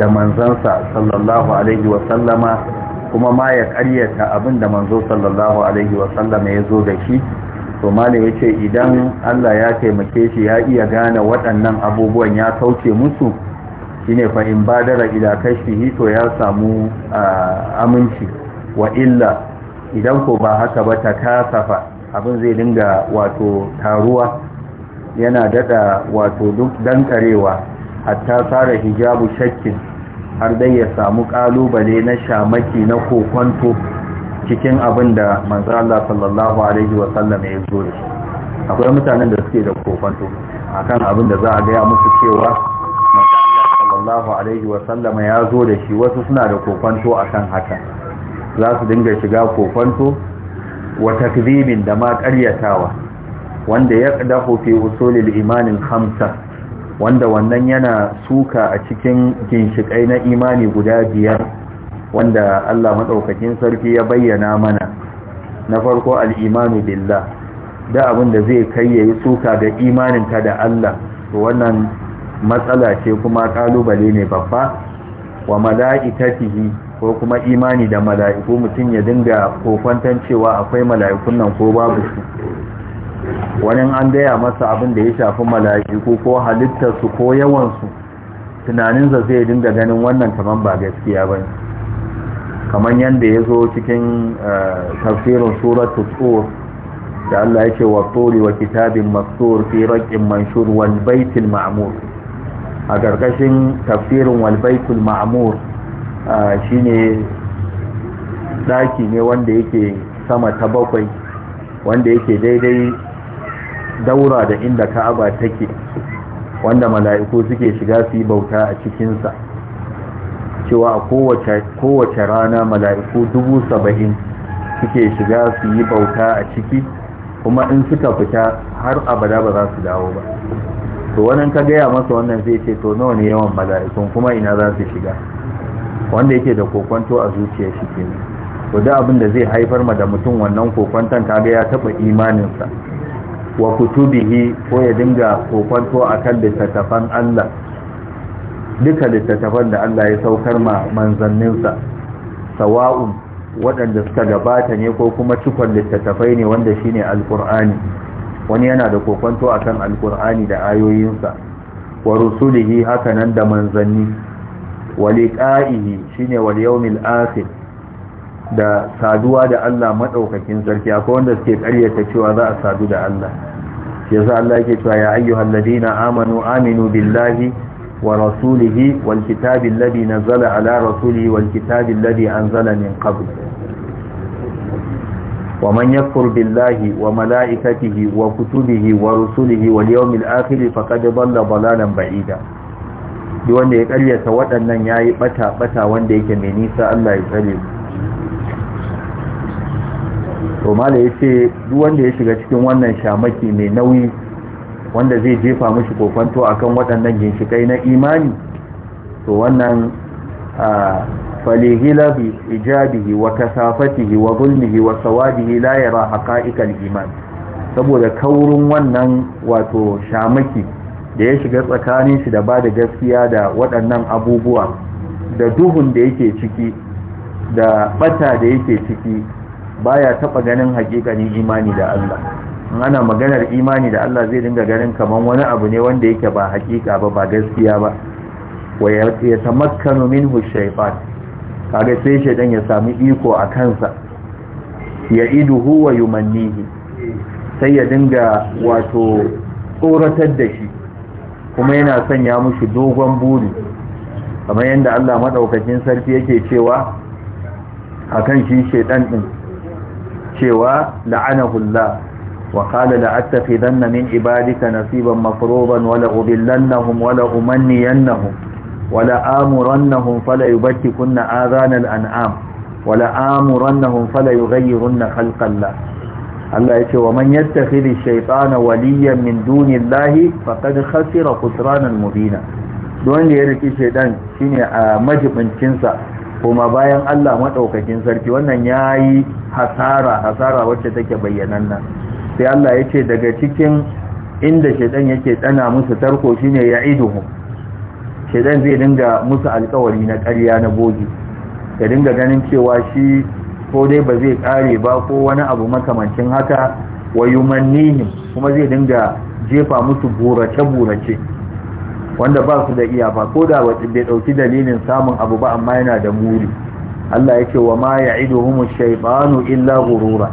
da manzansa sallallahu alaihi wasallama kuma ma ya karyata abin da manzo sallallahu alaihi wasallama ya zo da shi to malam ya ce idan Allah ya taimake shi ya iya gane waɗannan abubuwan ya sauke musu shine fa in badara ila kashfihi to ya samu aminci wa illa idan ko ba haka ba ta kasafa abin zai dinga wato taruwa yana dada wato duk dankarewa hatta sare hijabu shakkin har dai ya samu kalubale na shamaki na kokonto cikin abin da manzo Allah sallallahu alaihi wa sallam ya zo da shi akwai mutanen da suke da kokonto akan abin da za a ga ya musu cewa manzo Allah sallallahu alaihi wa sallam ya zo da shi wasu suna da kokonto akan haka za su dinga shiga kokonto wa takzibin da ma ƙaryatawa wanda ya kada fi usulul imanin khamsa wanda wannan yana suka a cikin ginshikai na imani guda biyar wanda Allah maɗaukakin sarki ya bayyana mana na farko al'imanu billah da abin da zai kai ya suka ga imaninka da Allah to wannan matsala ce kuma ƙalubale ne babba wa mala'ikatihi ko kuma imani da mala'iku mutum ya dinga kokwantan cewa akwai mala'ikun nan ko babu su wani an gaya masa abin da ya shafi mala'iku ko halittarsu ko yawansu tunaninsa zai dinga ganin wannan kaman ba gaskiya ba kamar yadda ya zo cikin eh, tafsirin suratu tsor da Allah ya ce wa tsori wa kitabin masur fi manshur wal baitul ma'mur a ƙarƙashin tafsirin wal ma'amur ma'mur eh, shine daki ne wanda yake sama ta bakwai wanda yake daidai daura da inda ka'aba take wanda mala'iku suke shiga su yi bauta a cikinsa cewa a kowace rana mala'iku dubu saba'in suke shiga su yi bauta a ciki kuma in suka fita har abada ba za su dawo ba to wannan ka gaya masa wannan zai ce to nawa ne yawan mala'ikun kuma ina za su shiga wanda yake da kokwanto a zuciyar shi kenan to da abin da zai haifar ma da mutum wannan kokwanton ga ya taɓa imaninsa wa kutubihi ko ya dinga kokonto kan littattafan Allah duka littattafan da Allah ya saukar ma manzanninsa sawa'un waɗanda suka gabata ne ko kuma cikon littattafai ne wanda shi ne Alƙur'ani, wani yana da kokonto kan Alƙur'ani da ayoyinsa wa rusulihi hakanan da manzanni wa shi shine wal yaumil da saduwa da Allah maɗaukakin sarki akwai wanda suke karyata cewa za a sadu da Allah yasa Allah yake cewa ya ayyuhal ladina amanu aminu billahi wa rasulihi wal kitabi alladhi nazzala ala rasulihi wal kitabi alladhi anzala min qabl ومن wa بالله وملائكته وكتبه ورسله واليوم الآخر فقد ضل ضلالا بعيدا دي wanda ya karyata waɗannan yayi bata bata wanda yake mai nisa Allah ya tsare to yace ya ce duk wanda ya shiga cikin wannan shamaki mai nauyi wanda zai jefa mashi kofanto akan waɗannan ginshikai na imani to wannan falihila bi ijabihi wa kasafatihi wa zulmihi wa sawabihi la yara haqa'iqal iman saboda kaurin wannan wato shamaki da ya shiga tsakanin shi da bada gaskiya da waɗannan abubuwa da duhun da yake ciki da ɓata da yake ciki baya taba ganin hakikanin imani da Allah in ana maganar imani da Allah zai dinga ganin kaman wani abu ne wanda yake ba hakika ba ba gaskiya ba waya ya tamakkanu minhu shaytan kage sai shaytan ya sami iko a kansa ya idu huwa yumannihi sai ya dinga wato tsoratar da shi kuma yana sanya mushi dogon buri kamar yadda Allah madaukakin sarki yake cewa akan shi shaytan din cewa la'anahullah wa qala la'attakhidanna min ibadika nasiban mafruḍan wa la'udillannahum wa la'umanniyannahum wa la'amurannahum fala yubtikunna adhana al'an'am wa la'amurannahum fala yughayyirunna khalqallah Allah yace wa man yattakhidhi ash-shaytana waliyan min dunillahi faqad khasira khusranan mubina don da ya riki shaytan shine a ah, majibincinsa kuma bayan Allah maɗaukakin sarki wannan ya yi hasara hasara wacce take bayyananna sai Allah ya ce daga cikin inda shaidan yake tsana musu tarko shine ya iduhu shaidan zai dinga musu alkawari na ƙarya na bogi ya dinga ganin cewa shi ko dai ba zai ƙare ba ko wani abu makamancin haka wayumannihim kuma zai dinga jefa musu burace-burace wanda ba su da iyaka ko da wace bai dauki dalilin samun abu ba amma yana da muri Allah yake wa ma ya'iduhum ash-shaytanu illa ghurura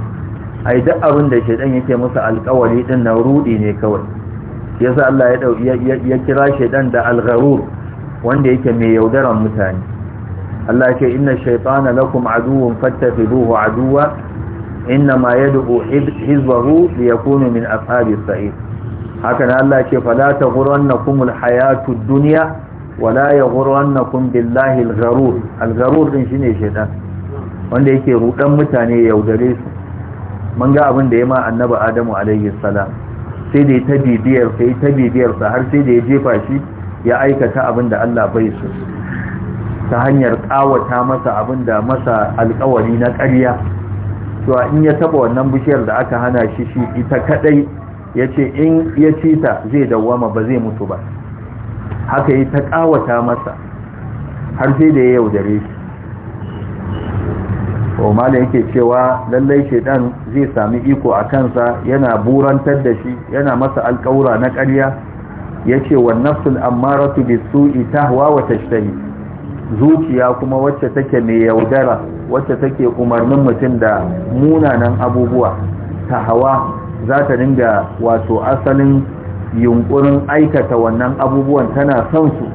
ai duk abin da shaytan yake musu alƙawari din na rudi ne kawai yasa Allah ya dauki ya kira shaytan da al-gharur wanda yake mai yaudaran mutane Allah yake inna shaytana lakum aduwwun fattakhidhuhu aduwwa inma yad'u hizbahu liyakunu min ashabis sa'id haka na Allah ce fala ta ghurannakum alhayatu dunya wala yaghrannakum billahi algharur algharur din shine shedan wanda yake rudan mutane yaudare su mun ga abin da ya ma annabi adamu alaihi salam sai da ta bibiyar sai ta bibiyar sa har sai da ya jefa shi ya aikata abin da Allah bai so ta hanyar kawata masa abin da masa alkawari na ƙarya to in ya taba wannan bishiyar da aka hana shi shi ita kadai ya ce in ya ci ta zai dawwama ba zai mutu ba haka yi ta ƙawata masa har sai da ya yaudare shi omala yake cewa lallai shaidan zai sami iko a kansa yana burantar da shi yana masa alƙawura na karya ya ce wa nafsul ammaratu bi su'i tahwa wa tashtahi zuciya kuma wacce take mai yaudara wacce take umarnin mutum da munanan abubuwa ta hawa za ta dinga wato asalin yunkurin aikata wannan abubuwan tana son su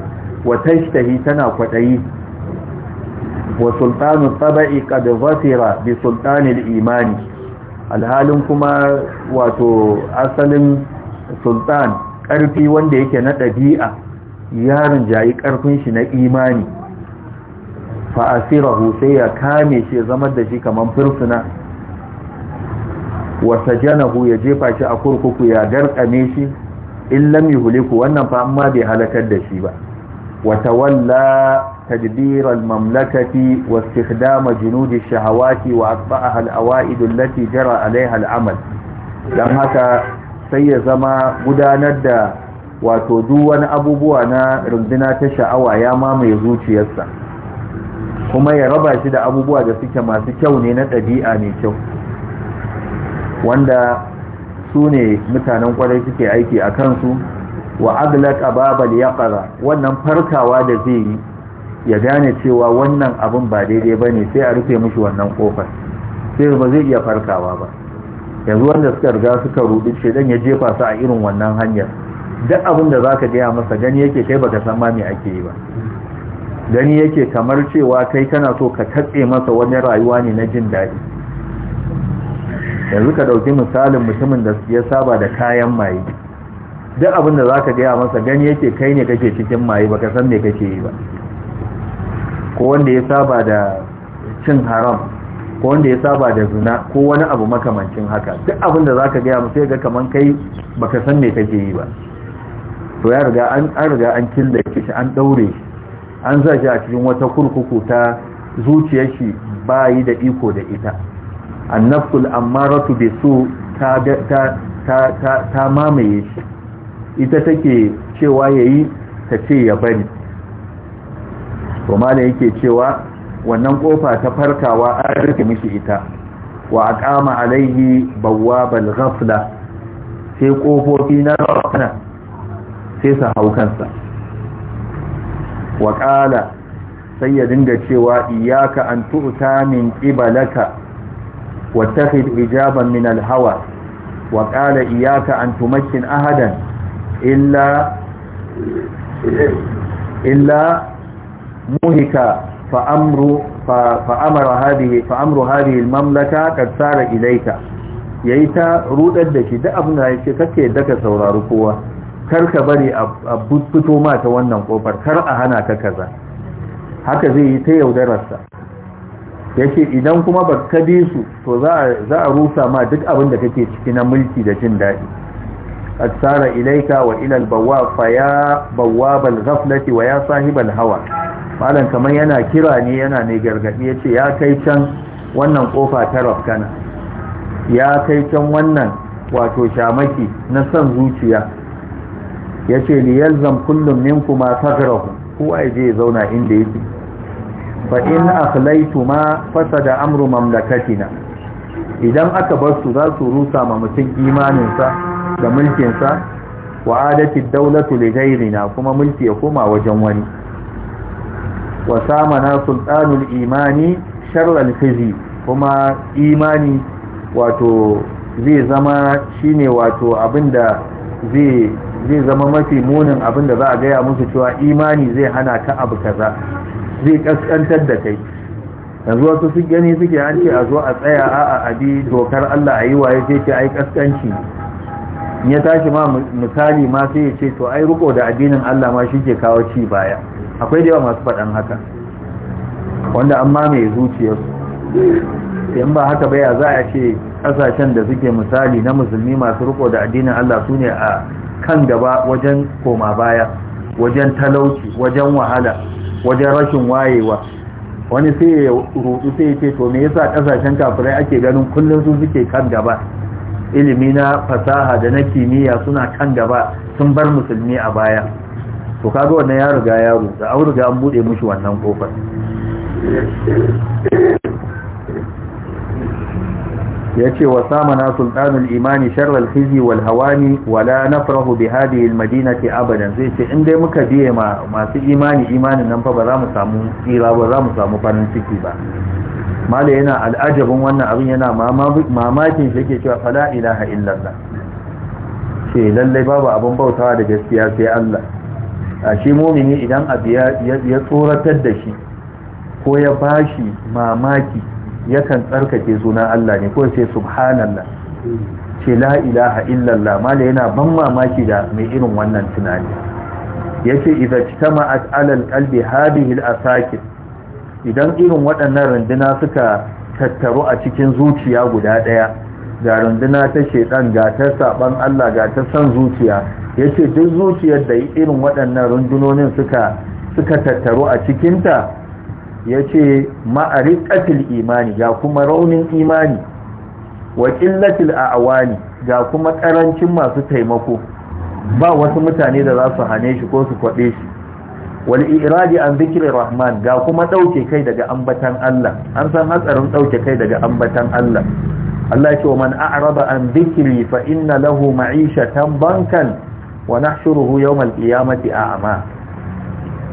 wa tashtahi tana kwadayi wa sultanu tabai qad zafira bi sultanil imani alhalin kuma wato asalin sultan ƙarfi wanda yake na ɗabi'a, yaron jayi ƙarfin shi na imani fa asirahu sai ya kame shi zamar da shi kamar fursuna wata janahu ya jefa shi a kurkuku ya garkame shi in lam huliku wannan fa amma bai halakar da shi ba wata walla تدبير المملكة shahawaki جنود الشهوات وأطبعها الأوائد التي jara عليها العمل don haka sai ya zama gudanar da wato duwan abubuwa na runduna ta sha'awa ya mamaye zuciyarsa kuma ya raba shi da abubuwa da suke masu kyau ne na ɗabi'a mai kyau wanda su ne mutanen kwarai suke aiki a kansu wa aglaq ababal yaqara wannan farkawa da zai yi ya gane cewa wannan abin ba daidai ba ne sai a rufe mushi wannan kofar sai ba zai iya farkawa ba yanzu wanda suka riga suka rudu shedan ya jefa su a irin wannan hanyar duk abin da ka gaya masa gani yake kai baka san ma me ake yi ba gani yake kamar cewa kai kana so ka katse masa wani rayuwa ne na jin daɗi yanzu ka ɗauki misalin mutumin da ya saba da kayan maye duk abin da za ka gaya masa gani yake kai ne kake cikin maye baka san me kake yi ba ko wanda ya saba da cin haram ko wanda ya saba da zina ko wani abu makamancin haka duk abin da za ka gaya masa ga kaman kai baka san me kake yi ba to ya riga an riga an killa shi an daure shi an sa shi a cikin wata kurkuku ta zuciyar shi bayi da iko da ita annafsul ammaratu bi su ta ta ta ta mamaye shi ita take cewa yayi ta ce ya bari to malai yake cewa wannan kofa ta farkawa an rike miki ita wa aqama alaihi bawabal ghafla sai kofofi na rafana sai su hau kansa wa qala sai ya dinga cewa iyyaka an tu'ta min qibalaka واتخذ إجابا من الهوى وقال إياك أن تمكن أحدا إلا إلا مهك فأمر فأمر هذه فأمر هذه المملكة قد سار إليك yayi ta rudar da shi duk abin da kake daga saurari kowa kar ka bari a fito mata wannan kofar kar a hana ka kaza haka zai yi ta yaudararsa yace idan kuma baka bi su to za a rusa ma duk abin da kake ciki na mulki da jin dadi asara ilaika wa ilal bawa fa ya bawwab alghaflati wa ya sahib alhawa malam kamar yana kira ne yana ne gargadi yace ya kai can wannan kofa ta rafkana ya kai can wannan wato shamaki na san zuciya yace zan kullum minkum ma sagrahu kowa ya je zauna inda yake fa ma fasa da amru mamlakatina idan aka bar su za su rusa ma mutum imaninsa da mulkinsa wa adati daulatu li kuma mulki ya koma wajen wani wa samana sultanul imani sharral khizi kuma imani wato zai zama shine wato abinda zai zai zama mafi munin abinda za a gaya musu cewa imani zai hana ka abu kaza zai kaskantar da kai yanzu wasu sun gani suke an ce a zo a tsaya a a abi dokar Allah a yi waye sai ce ai kaskanci in ya tashi ma misali ma sai ya ce to ai riko da addinin Allah ma shi ke kawo ci baya akwai da yawa masu faɗan haka wanda amma mai zuciyarsu in ba haka baya za a ce kasashen da suke misali na musulmi masu riko da addinin Allah su ne a kan gaba wajen koma baya wajen talauci wajen wahala wajen rashin wayewa wani sai ya rudu sai ya ce to me yasa kasashen kafirai ake ganin kullum su suke kan gaba ilimi na fasaha da na kimiyya suna kan gaba sun bar musulmi a baya to kaga wannan ya riga ya ruga an riga an bude mushi wannan kofar Ya ce, wa samana sultanul imani Sharrar khizi wal hawani wala nafrahu bi hadhihi al madinati abadan zai ce in dai muka biye masu imani imanin nan fa ba za mu samu tsira ba za mu samu farin ciki ba mala yana al'ajabin wannan abin yana mamakin shi yake cewa fala ilaha illallah ce lallai babu abin bautawa da gaskiya sai Allah a shi mumini idan abu ya tsoratar da shi ko ya bashi mamaki yakan tsarkake sunan Allah ne ko ce subhanallah ce la ilaha illallah mala yana ban mamaki da mai irin wannan tunani yace idza tajtama'at 'ala al-qalbi hadhihi al-asakir idan irin waɗannan runduna suka tattaru a cikin zuciya guda ɗaya ga runduna ta shedan ga ta saban Allah ga ta san zuciya yace duk zuciyar da irin waɗannan rundunonin suka suka tattaru a cikinta ya ce ma'ariƙatil imani ga kuma raunin imani wa ƙillatil a'awani ga kuma ƙarancin masu taimako ba wasu mutane da za su hane shi ko su kwaɗe shi wal iradi an zikirin rahman ga kuma ɗauke kai daga ambatan Allah an san hatsarin ɗauke kai daga ambatan Allah Allah ce wa man a'raba an zikiri fa inna lahu ma'ishatan bankan wa nahshuruhu yawmal qiyamati a'ma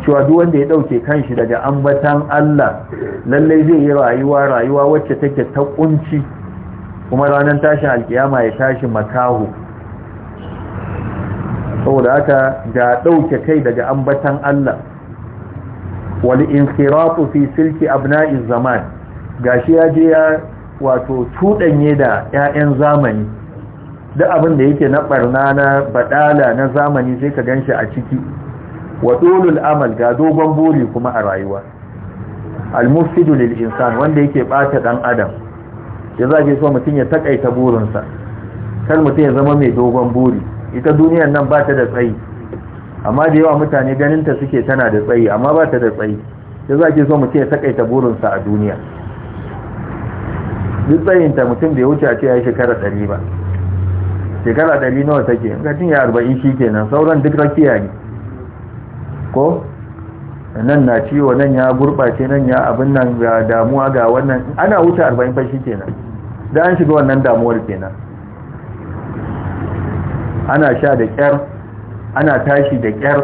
cewa duk wanda ya dauke kanshi daga ambatan Allah lalle zai yi rayuwa rayuwa wacce take ta kunci kuma ranar tashin alkiyama ya tashi makahu saboda aka ga dauke kai daga ambatan Allah wal inkhiratu fi silki abna'i zaman gashi ya je ya wato tudanye da ƴaƴan zamani duk abin da yake na barna na badala na zamani sai ka ganshi a ciki wa dolul amal ga dogon buri kuma a rayuwa al-mufsidu lil insan wanda yake bata dan adam ya zage so mutun ya takaita burinsa kar mutun ya zama mai dogon buri ita duniyar nan bata da tsayi amma da yawa mutane ganin ta suke tana da tsayi amma bata da tsayi ya zage so mutun ya takaita burinsa a duniya duk tsayin ta mutum bai wuce a ce ai shekara ɗari ba shekara ɗari nawa take in ka cinye arba'in shi kenan sauran duk rakiya ne ko nan na ciwo nan ya gurɓace nan ya abin nan ga damuwa ga wannan ana wuce 40 fashi kenan da an shiga wannan damuwar kenan ana sha da kyar ana tashi da kyar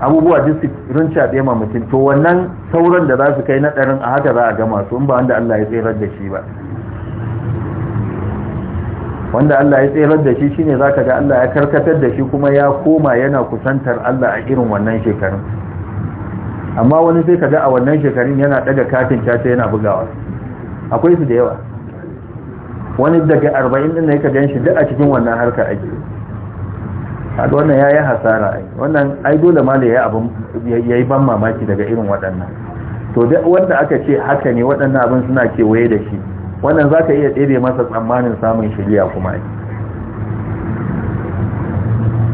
abubuwa duk su rinca ɗaya mutum to wannan sauran da za su kai na ɗarin a haka za a gama su in ba wanda Allah ya tsirar da shi ba wanda Allah ya tserar da shi shine zaka ga Allah ya karkatar da shi kuma ya koma yana kusantar Allah a irin wannan shekarun amma wani sai kaga a wannan shekarun yana daga katin caca yana bugawa akwai su da yawa wani daga 40 din ne ka ganshi duk a cikin wannan harka ake kaga wannan yayi hasara ai wannan ai dole ma da yayi abin yayi ban mamaki daga irin waɗannan to duk wanda aka ce haka ne waɗannan abin suna kewaye da shi wannan za ka iya tsere masa tsammanin samun shirya kuma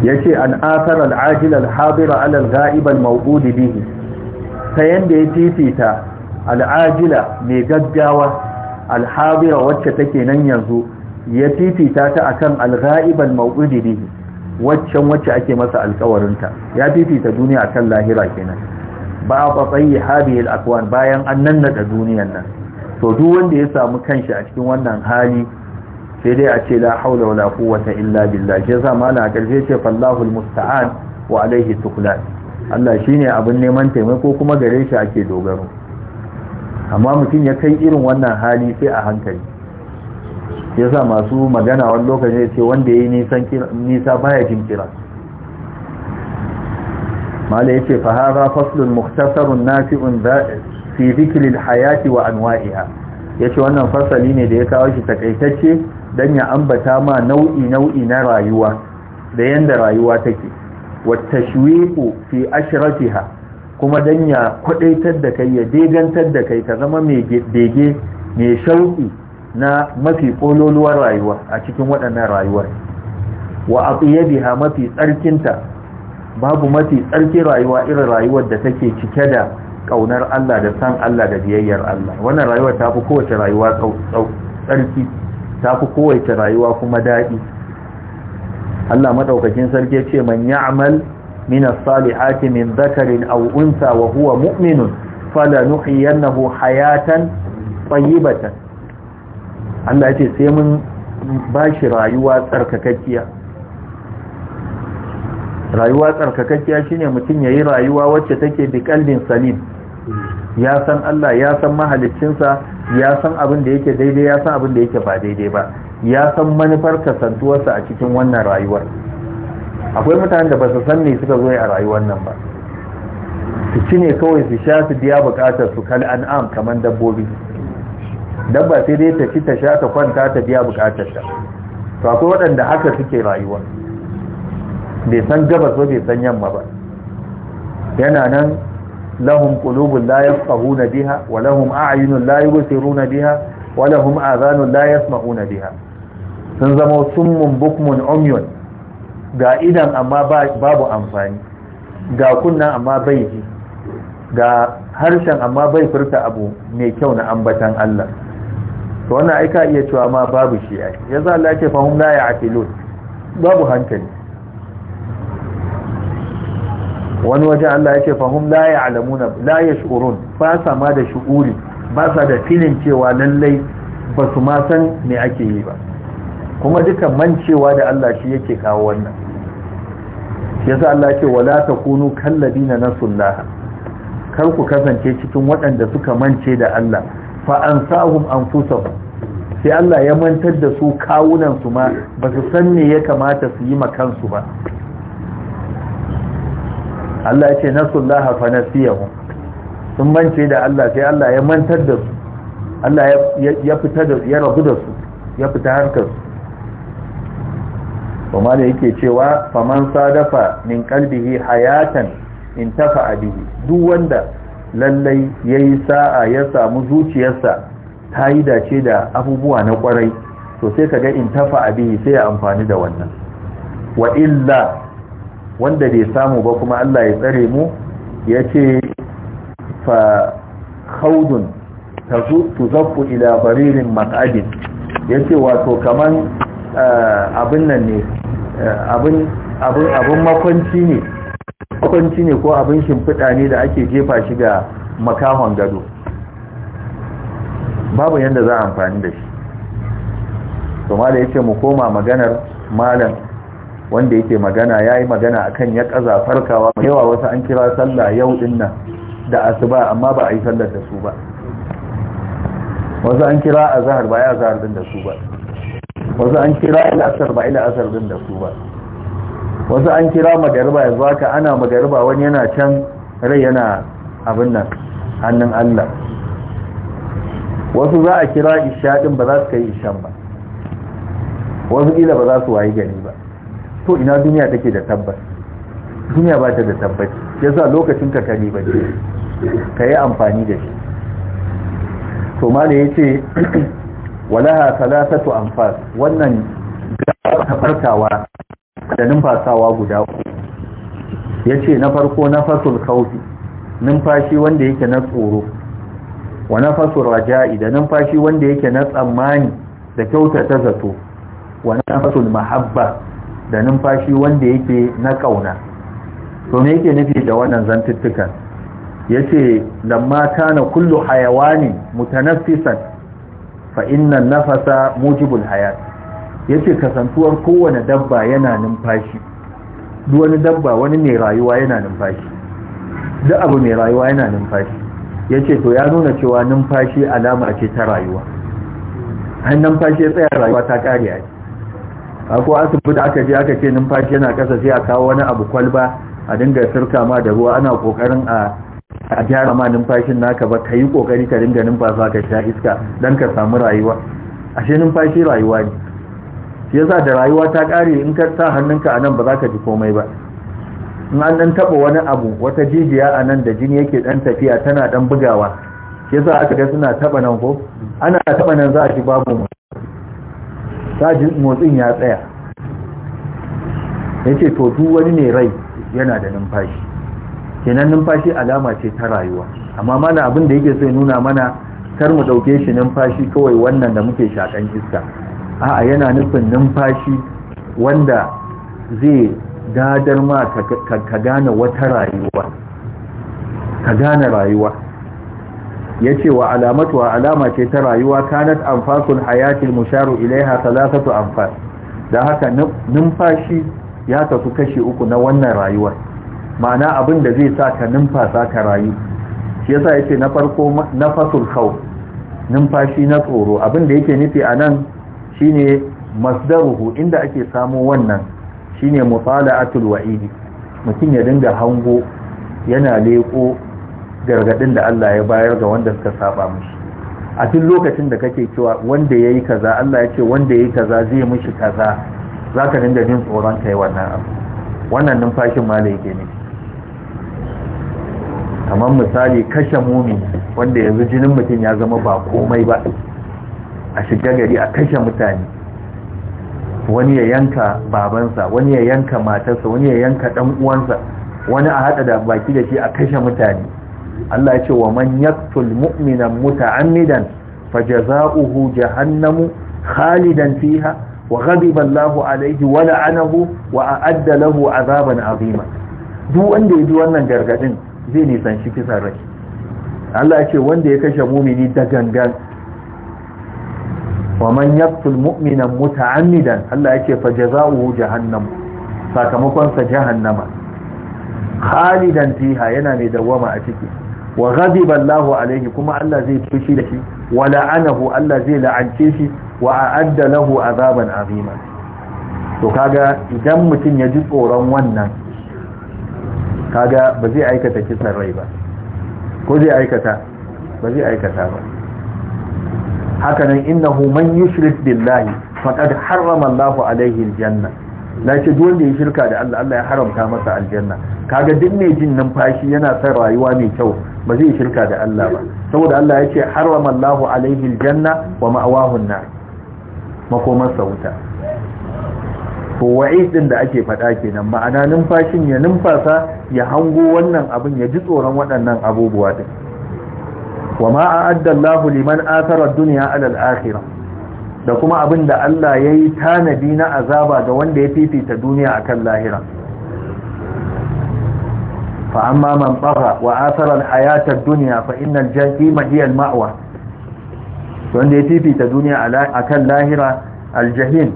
ya ce an asar al'ajil al-habira alal ga'ibar bihi ta yadda ya fifita al'ajila mai gaggawa al-habira wacce take nan yanzu ya fifita ta akan al-ga'ibar ma'udi bihi waccan wacce ake masa alkawarinta ya fifita duniya akan lahira kenan ba a fatsayi habihil akwan bayan an nannaɗa duniyan nan to duk wanda ya samu kanshi a cikin wannan hali sai dai a ce la haula wala quwwata illa billah shi yasa mallan a karshe ce fallahu almusta'an wa alaihi tuklan Allah shine abin neman taimako kuma gare shi ake dogaro amma mutum ya kai irin wannan hali sai a hankali shi yasa masu magana wani lokaci ce wanda yayi nisan nisa baya jin kira mallan yace fa hadha faslun mukhtasarun nafi'un fi zikirin hayati wa anwa'iha ya ce wannan fasali ne da ya kawo shi takaitacce dan ya ambata ma nau'i-nau'i na rayuwa da yadda rayuwa take wata shwiku fi ashirafiha kuma don ya kwadaitar da kai ya degantar da kai ka zama mai bege mai shauƙi na mafi ƙololuwar rayuwa a cikin waɗannan rayuwar wa a biha mafi tsarkinta babu mafi tsarki rayuwa irin rayuwar da take cike da kaunar Allah da san Allah da biyayyar Allah wannan rayuwa ta fi kowace rayuwa tsarki ta fi kowace rayuwa kuma daɗi Allah maɗaukacin sarki ya ce man ya'mal min as-salihati min dhakarin aw unsa wa huwa mu'minun falanuhyiyannahu hayatan tayyibatan Allah ya ce sai mun bashi rayuwa tsarkakakkiya rayuwa tsarkakakkiya shine mutum ya yi rayuwa wacce take bi kalbin salim ya san Allah ya san mahaliccinsa ya san abin da yake daidai ya san abin da yake ba daidai ba ya san manufar kasantuwarsa a cikin wannan rayuwar akwai mutanen da ba su san me suka zo a rayuwar nan ba su ci ne kawai su sha su biya bukatar su kal an'am kamar dabbobi dabba sai dai ta ci ta sha ta kwanta ta biya bukatar ta to akwai waɗanda haka suke rayuwa bai san gabas ba bai san yamma ba yana nan lahum qulubun la yafqahuna biha wa lahum a'yunun la yubsiruna biha wa lahum adhanun la yasma'una biha sun zama summun bukmun umyun ga idan amma babu amfani ga kunna amma bai ji ga harshen amma bai furta abu mai kyau na ambatan Allah to wannan aika iya cewa ma babu shi ai yanzu Allah yake fahimla ya aqilun babu hankali wani waje Allah ya ce fahim la alamuna la yash'urun ba sa ma da shu'uri ba sa da filin cewa lallai ba su ma san me ake yi ba kuma duka mancewa da Allah shi yake kawo wannan yasa Allah ya ce wala kunu kalladina nasullah kar ku kasance cikin waɗanda suka mance da Allah fa ansahum anfusahum sai Allah ya mantar da su kawunan su ma ba su san me ya kamata su yi ma kansu ba Allah ya ce nasullaha fa nasiyahu sun mance da Allah sai Allah ya mantar da su Allah ya fita da ya rabu da su ya fita harkar su kuma da yake cewa faman sadafa min qalbihi hayatan intafa bihi duk wanda lallai yayi sa'a ya samu zuciyarsa ta yi dace da abubuwa na kwarai to sai kaga intafa bihi sai ya amfani da wannan wa illa wanda bai samu ba kuma Allah ya tsare mu ya ce fa haudun tuzaffu ila baririn mak'adin ya ce wato kaman eh, abin nan ne eh, abin makwanci ne makwanci ne ko abin shimfiɗa ne da ake jefa shi ga makahon gado babu yadda za a amfani da shi to mala ya ce mu koma maganar malam wanda yake magana ya yi magana a kan ya ƙaza farkawa mai yawa wasu an kira sallah yau ɗin da asuba amma ba a yi sallar da su ba wasu an kira a zahar ba ya zahar din da su ba wasu an kira ila asar ba ila asar ɗin da su ba wasu an kira magariba yanzu haka ana magariba wani yana can rai yana abin nan hannun allah wasu za a kira isha ɗin ba za su kai ishan ba wasu ƙila ba za su wayi gani ba to ina duniya take da tabbas duniya ba ta da tabbaci yasa lokacin ka kare ba ce ka yi amfani da shi to da ya ce walaha salasatu amfas wannan gaba farkawa da numfasawa guda uku ya ce na farko na fasul khawfi numfashi wanda yake na tsoro wa na fasul raja'i da numfashi wanda yake na tsammani da kyauta ta zato wa na fasul mahabba da numfashi wanda yake na kauna to me yake nufi da wannan zantuttukan yace lamma kana kullu hayawani mutanaffisan fa inna nafasa mujibul hayat yace kasantuwar kowane dabba yana numfashi duk wani dabba wani mai rayuwa yana numfashi duk abu mai rayuwa yana numfashi yace to ya nuna cewa numfashi alama ce ta rayuwa har numfashi tsaya rayuwa ta kare a ko asibiti aka je aka ce numfashi yana kasa sai a kawo wani abu kwalba a dinga sirka ma da ruwa ana kokarin a a gyara ma numfashin naka ba ka yi kokari ka dinga numfasa ka sha iska don ka samu rayuwa ashe numfashi rayuwa ne shi yasa da rayuwa ta kare in ka sa hannunka a nan ba za ka ji komai ba in an dan taba wani abu wata jijiya a nan da jini yake dan tafiya tana dan bugawa shi yasa aka ga suna taba nan ko ana taba nan za a ji babu mu. ta motsin ya tsaya ya ce to wani ne rai yana da numfashi kenan numfashi alama ce ta rayuwa amma mana abin da yake so nuna mana kar mu dauke shi numfashi kawai wannan da muke shakan iska a'a yana nufin numfashi wanda zai gadar ma ka gane wata rayuwa ka gane rayuwa ya ce wa wa alama ce ta rayuwa kanat anfasul hayatil musharu ilaiha talatatu anfas da haka numfashi ya kasu kashi uku na wannan rayuwar ma'ana abin da zai sa ka numfasa ka rayu shi yasa yace na farko nafasul khawf numfashi na tsoro abin da yake nufi anan shine masdaruhu inda ake samu wannan shine mutala'atul wa'idi mutum ya dinga hango yana leko gargadin da Allah ya bayar ga wanda suka saba mishi a duk lokacin da kake cewa wanda ya yi kaza Allah ya ce wanda ya yi kaza zai mishi kaza za ka dinga jin tsoron kai wannan abu wannan numfashin ma yake ne kamar misali kashe mumi wanda yanzu jinin mutum ya zama ba komai ba a shiga gari a kashe mutane wani ya yanka babansa wani ya yanka matarsa wani ya yanka dan uwansa wani a hada da baki da shi a kashe mutane Allah ya ce wa man yaqtul mu'minan muta'ammidan fajaza'uhu jahannamu khalidan fiha wa ghadiba Allahu alayhi wa la'anahu wa a'adda lahu 'adaban 'azima duk wanda ya ji wannan gargadin zai nisan shi kisan rai Allah ya ce wanda ya kashe mumini da gangan wa man yaqtul mu'minan muta'ammidan Allah ya ce fajaza'uhu jahannamu sakamakon sa jahannama khalidan fiha yana mai dawama a ciki wa ghadiba Allahu alaihi kuma Allah zai fushi da shi wa la'anahu Allah zai la'ance shi wa a'adda lahu azaban azima to kaga idan mutum ya ji tsoron wannan kaga ba zai aikata kisan rai ba ko zai aikata ba zai aikata ba hakanan innahu man yushrik billahi faqad harrama Allahu alaihi aljanna na ce duk da ya shirka da Allah Allah ya haramta masa aljanna kaga duk mai jin numfashi yana son rayuwa mai kyau ba zai shirka da Allah ba saboda Allah ya ce haramallahu alaihi aljanna wa ma'awahu an-nar makomar sauta ko wa'id din da ake faɗa kenan ma'ana numfashin ya numfasa ya hango wannan abin ya ji tsoron waɗannan abubuwa din wa ma Allahu liman athara ad-dunya 'ala al-akhirah da kuma abin da Allah ya yi tanadi na azaba ga wanda ya fifita duniya kan lahira fa amma man wa asarar hayatar duniya fa innan jahima ma'awa wanda ya fifita duniya kan lahira aljahim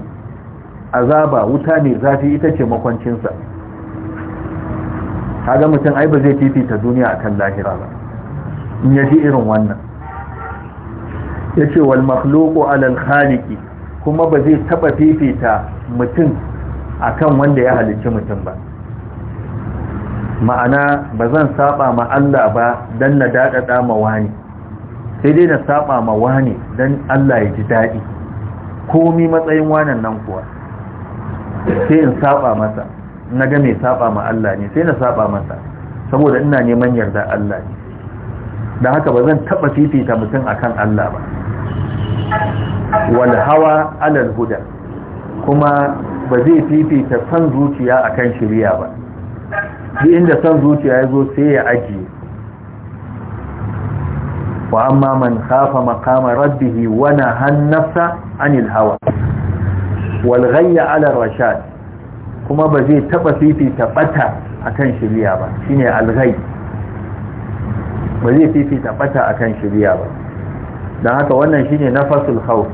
azaba wuta ne zafi ita ce makwancinsa kaga mutum ai ba zai fifita duniya akan lahira ba in ya ji irin wannan yace wal makhluqu ala al kuma ba zai taba fifita mutum akan wanda ya halicci mutum ba ma'ana ba zan saba ma Allah ba dan na dadada ma wani sai dai na saba ma wani dan Allah ya ji dadi komi matsayin wanan nan kuwa sai in saba masa na ga mai saba ma Allah ne sai na saba masa saboda ina neman yarda Allah ne da haka ba zan taba fifita mutum akan Allah ba Walhawa hawa alal huda kuma ba zai fifita san zuciya akan shari'a ba duk inda san zuciya ya zo sai ya ajiye wa amma man khafa maqama rabbihi wa naha anil hawa wal ghayya ala rashad kuma ba zai taba fifita bata akan shirya ba shine al ba zai fifita bata akan shari'a ba don haka wannan shine nafasul haus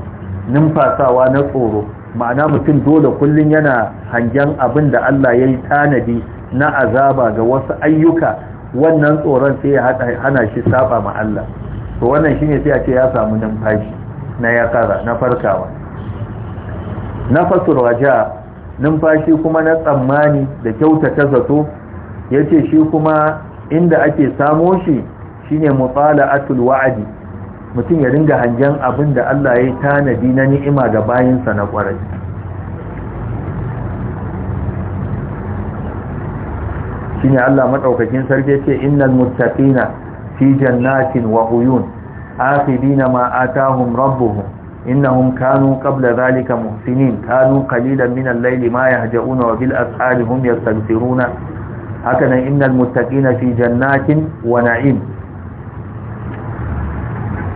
numfasawa na tsoro ma'ana mutum dole kullum yana hangen abin da Allah ya yi tanadi na azaba ga wasu ayyuka wannan tsoron sai ya hana shi saba ma Allah to wannan shine sai a ce ya samu numfashi na yaqara na farkawa nafasul raja numfashi kuma na tsammani da kyautata zato yace shi kuma inda ake samo shi shine mutala'atul wa'di mutum ya ringa hangen abin da Allah ya yi tanadi na ni'ima ga bayinsa na kwarai. shi ne Allah maɗaukakin sarki ce innal muttaqina fi jannatin wa uyun akhidina ma atahum rabbuhum innahum kanu qabla zalika muhsinin kanu qalilan min al-layli ma yahja'una wa bil ashari hum yastaghfiruna hakanan innal muttaqina fi jannatin wa na'im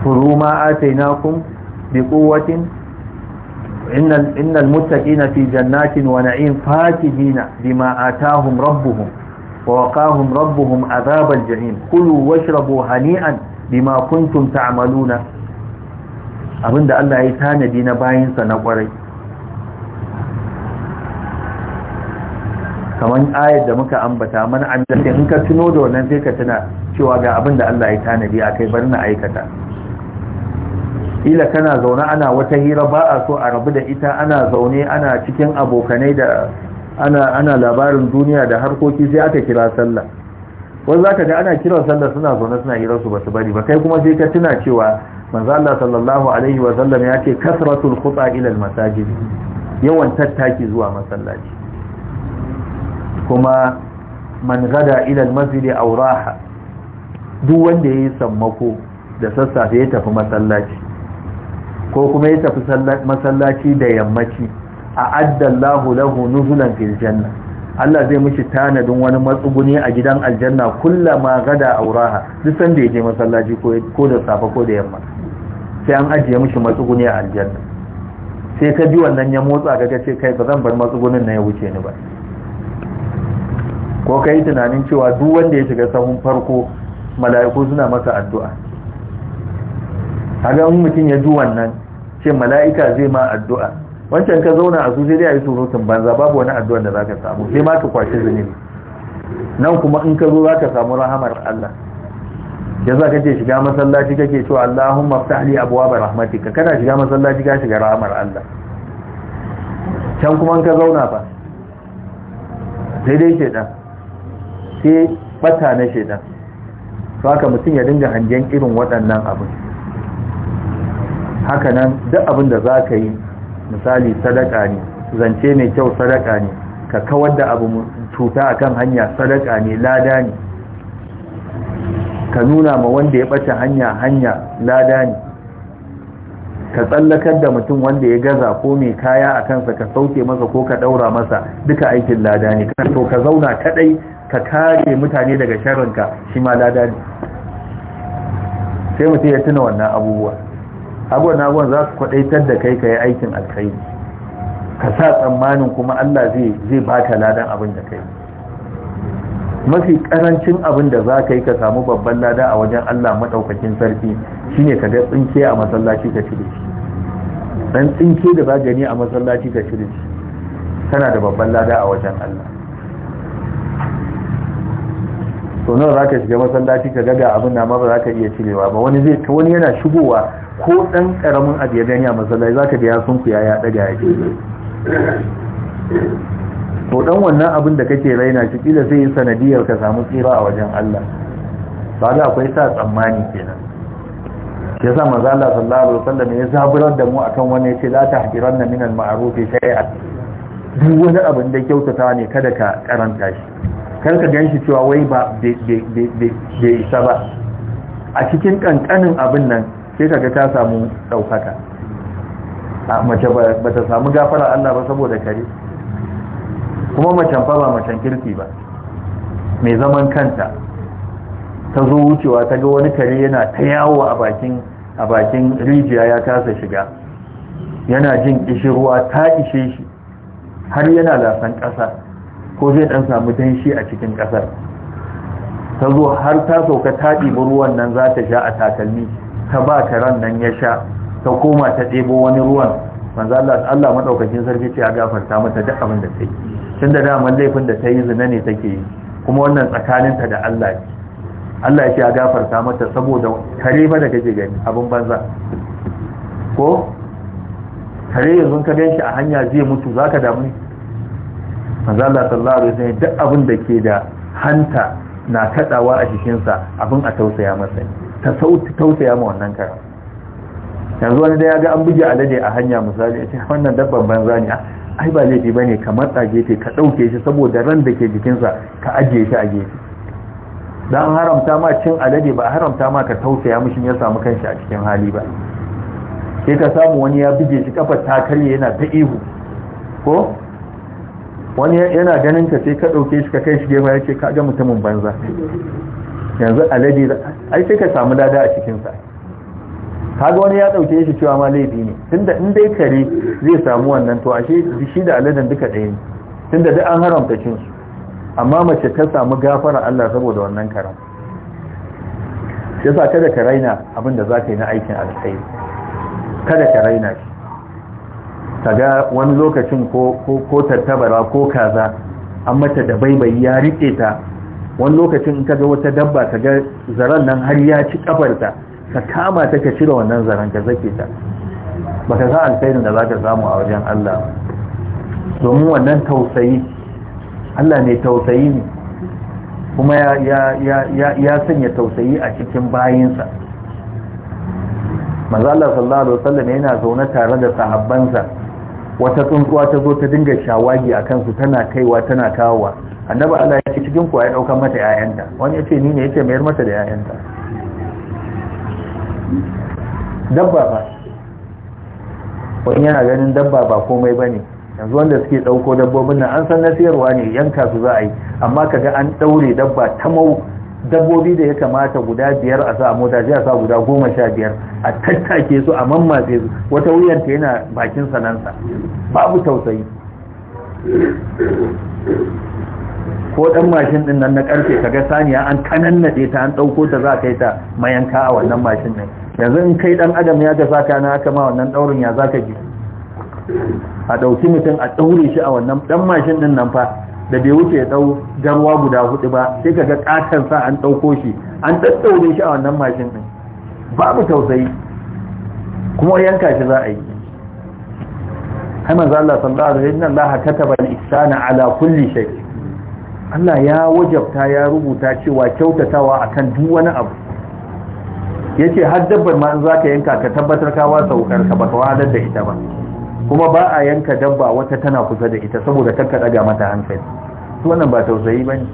خذوا ما آتيناكم بقوة إن إن المتقين في جنات ونعيم فاكهين بما آتاهم ربهم ووقاهم ربهم عذاب الجحيم كلوا واشربوا هنيئا بما كنتم تعملون abinda Allah ya tanadi na bayinsa na kwarai kamar ayar da muka ambata mana an da in ka tuno da wannan sai ka tuna cewa ga abinda Allah ya tanadi akai bari na aikata kila kana zaune ana wata hira ba a so a rabu da ita ana zaune ana cikin abokanai da ana ana labarin duniya da harkoki sai aka kira sallah wanda zaka ga ana kira sallah suna zaune suna hira su basu bari ba kai kuma sai ka tuna cewa maza Allah sallallahu alaihi wa sallam ya ce kasratul khuta ila masajid yawan tattaki zuwa masallaci kuma man gada ila masjid aw raha duk wanda yayi sammako da sassafe ya tafi masallaci ko kuma ya tafi masallaci da yammaci a addallahu lahu nuzulan fil janna Allah zai miki tanadin wani matsuguni a gidan aljanna kullama gada auraha duk sanda ya je masallaci ko da safa ko da yamma sai an ajiye miki matsuguni a aljanna sai ka ji wannan ya motsa ga ce kai ba zan bar matsugunin na ya wuce ni ba ko kai tunanin cewa duk wanda ya shiga sahun farko mala'iku suna masa addu'a kaga in mutum ya ji wannan ce mala'ika zai ma addu'a wancan ka zauna a su sai dai a yi surutun banza babu wani addu'a da zaka samu sai ma ka kwashi zunubi nan kuma in ka zo zaka samu rahamar Allah yanzu kake shiga masallaci kake cewa Allahumma ftah li abwaaba rahmatika kana shiga masallaci ka shiga rahamar Allah can kuma in ka zauna fa sai dai dan sai bata na shedan to mutum ya dinga hangen irin waɗannan abin haka nan duk abin da za ka yi misali sadaka ne zance mai kyau sadaka ne ka kawar da abu cuta akan hanya sadaka ne lada ne ka nuna ma wanda ya ɓace hanya hanya lada ne ka tsallakar da mutum wanda ya gaza ko mai kaya a kansa ka sauke masa ko ka ɗaura masa duka aikin lada ne to ka zauna kaɗai ka kare mutane daga sharinka shi ma lada ne sai mutum ya tuna wannan abubuwa agon agon za su kwadaitar da kai ka yi aikin alkhairi ka sa tsammanin kuma Allah zai ba ka ladan abin da kai mafi karancin abin da za ka yi ka samu babban lada a wajen Allah maɗaukakin sarki shine ka ga tsinke a masallaci ka cire shi dan tsinke da ba gani a masallaci ka cire shi kana da babban lada a wajen Allah so nawa za ka shiga masallaci ka gaga abin na ma ba za ka iya cirewa ba wani zai wani yana shigowa ko ɗan ƙaramin abu ya gani a masallaci za ka biya ya sun kuya ya ɗaga ya ke to ɗan wannan abin da kake raina shi ƙila sai yi sanadiyar ka samu tsira a wajen Allah ba za akwai sa tsammani kenan ya sa maza Allah sallallahu alaihi wasallam ya zaburar da mu akan wani ya ce la tahqiranna min al-ma'ruf shay'an duk wani abin da kyautata ne kada ka karanta shi kar ka ganshi cewa wai ba bai isa ba a cikin kankanin abin nan sai kaga ta samu daukaka a mace ba ta samu gafara Allah ba saboda kare kuma macen fa ba macen kirki ba mai zaman kanta ta zo wucewa ta ga wani kare yana ta yawo a bakin a bakin rijiya ya kasa shiga yana jin kishirwa ta ishe shi har yana lasan ƙasa ko zai dan samu danshi a cikin kasar ta zo har ta sauka ta ɗibi ruwan nan za ta sha a takalmi ta ba ran nan ya sha ta koma ta ɗebo wani ruwan manzo Allah Allah madaukakin sarki ce a gafarta mata duk abin da ta yi da dama laifin da ta yi zina ne take yi kuma wannan tsakaninta da Allah ne Allah shi ce a gafarta mata saboda kare ba da kake gani abin banza ko kare yanzu ka gan shi a hanya zai mutu za ka damu manzala sallallahu alaihi wasallam duk abin da ke da hanta na kadawa a jikinsa abin a tausaya masa ta sauti tausaya ma wannan kara yanzu wani da ya ga an buge alade a hanya misali a cikin wannan dabban banza ne ah, ai ba laifi ba ne ka matsa gefe ka ɗauke shi saboda ran da ke jikinsa ka ajiye shi a gefe don haramta ma cin alade ba haramta ma ka tausaya mishi ya samu kanshi a cikin hali ba sai ka samu wani ya buge shi kafar ta karye yana ta ihu ko wani yana ganin ka sai ka ɗauke shi ka kai shi gefa ya ka ga mutumin banza yanzu alaji ai sai ka samu dada a cikinsa kaga wani ya ɗauke shi cewa ma laifi ne tunda in dai kare zai samu wannan to ashe shi da aladen duka ɗaya ne tunda duk an haramta cin su amma mace ta samu gafara Allah saboda wannan karam yasa kada ka raina abin da za ka yi na aikin alkhairi kada ka raina shi Ka ga wani lokacin ko tattabara ko kaza an mata da baibayi ya riƙe ta wani lokacin ka ga wata dabba ka ga zaren nan har ya ci kafarta ka kama ta ka cire wannan zaren ka zake ta Ba ka za alkhairin da zaka samu a wajen Allah domin wannan tausayi Allah ne tausayi ne kuma ya sanya tausayi a cikin bayinsa manzo Allah sallallahu alaihi wasallam yana zaune tare da sahabbansa wata tsuntsuwa ta zo ta dinga shawagi a kansu tana kaiwa tana kawowa annaba Allah ya ce cikin ku ya dauka mata yayanta wani yace ni ne yace mayar mata da yayanta dabba ba wani yana ganin dabba ba komai bane yanzu wanda suke dauko dabbobin nan an san na sayarwa ne yanka su za a yi amma kaga an daure dabba ta mau dabbobi da ya kamata guda biyar a sa mota sai a sa guda goma sha biyar a tattake su a mammatse su wata wuyanta yana bakin sanansa babu tausayi ko dan mashin din nan na karfe kaga saniya an kanannade ta an dauko ta za kai ta mayanka a wannan mashin din yanzu in kai dan adam ya ga saka na aka ma wannan daurin ya zaka ji a dauki mutum a daure shi a wannan dan mashin din nan fa da bai wuce ya dau garwa guda hudu ba sai ka ga katan sa an dauko shi an daddaure shi a wannan mashin din babu tausayi kuma yanka shi za a yi kai manzo Allah sallallahu alaihi wasallam Allah kataba al-ihsana ala kulli shay Allah ya wajabta ya rubuta cewa kyautatawa akan duk wani abu yace har dabbar ma in zaka yanka ka tabbatar ka wasa ukar ka ba ka wadar da ita ba kuma ba a yanka dabba wata tana kusa da ita saboda kakka daga mata hankali su wannan ba tausayi ba ne